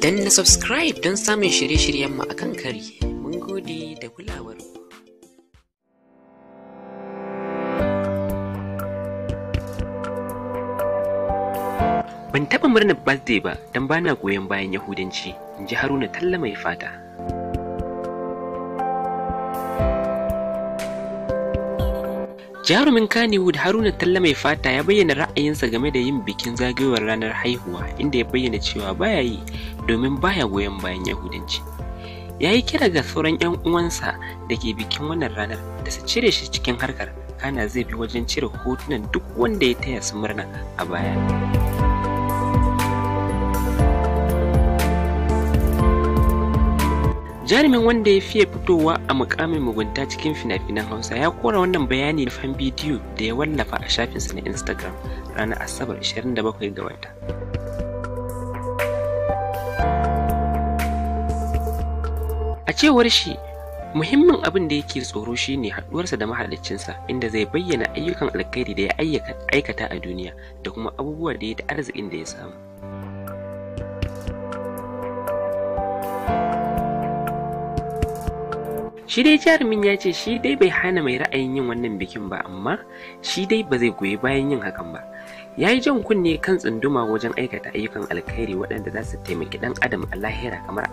Dan na subscribe don samun shirye-shiryenmu a kan kari. Mun gode da kulawar Ban taɓa murnar birthday ba don bana goyon bayan Yahudanci, in ji Haruna Talla mai fata. Jarumin Kaniwood Haruna Talla mai fata ya bayyana ra'ayinsa game da yin bikin zagayowar ranar haihuwa inda ya bayyana cewa baya yi domin baya goyon bayan yahudanci ya yi kira ga sauran 'yan uwansa da ke bikin wannan ranar da su cire shi cikin harkar kana zai bi wajen cire hotunan duk wanda ya taya su murna a baya jarumin wanda ya fiye fitowa a mukamin mugunta cikin fina-finan hausa ya kora wannan bayani da fan bidiyo da ya wallafa a shafinsa na instagram ranar asabar 27 ga wata a cewar shi muhimmin abin da yake tsoro shi ne haɗuwarsa da mahaliccinsa inda zai bayyana ayyukan alkhairi da ya aikata a duniya da kuma abubuwa da ya da arzikin da ya samu shi dai jarumin ya ce shi dai bai hana mai ra'ayin yin wannan bikin ba amma shi dai ba zai goyi bayan yin hakan ba ya yi jan kunne kan tsunduma wajen aikata ayyukan alkhairi waɗanda za su taimaki ɗan adam a lahira kamar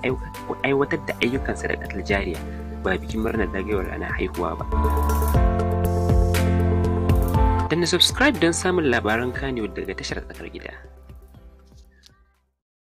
aiwatar da ayyukansa da sadakatul jariya ba bikin murnar dagewar ranar haihuwa ba dan subscribe don samun labaran kaniwa daga tashar tsakar gida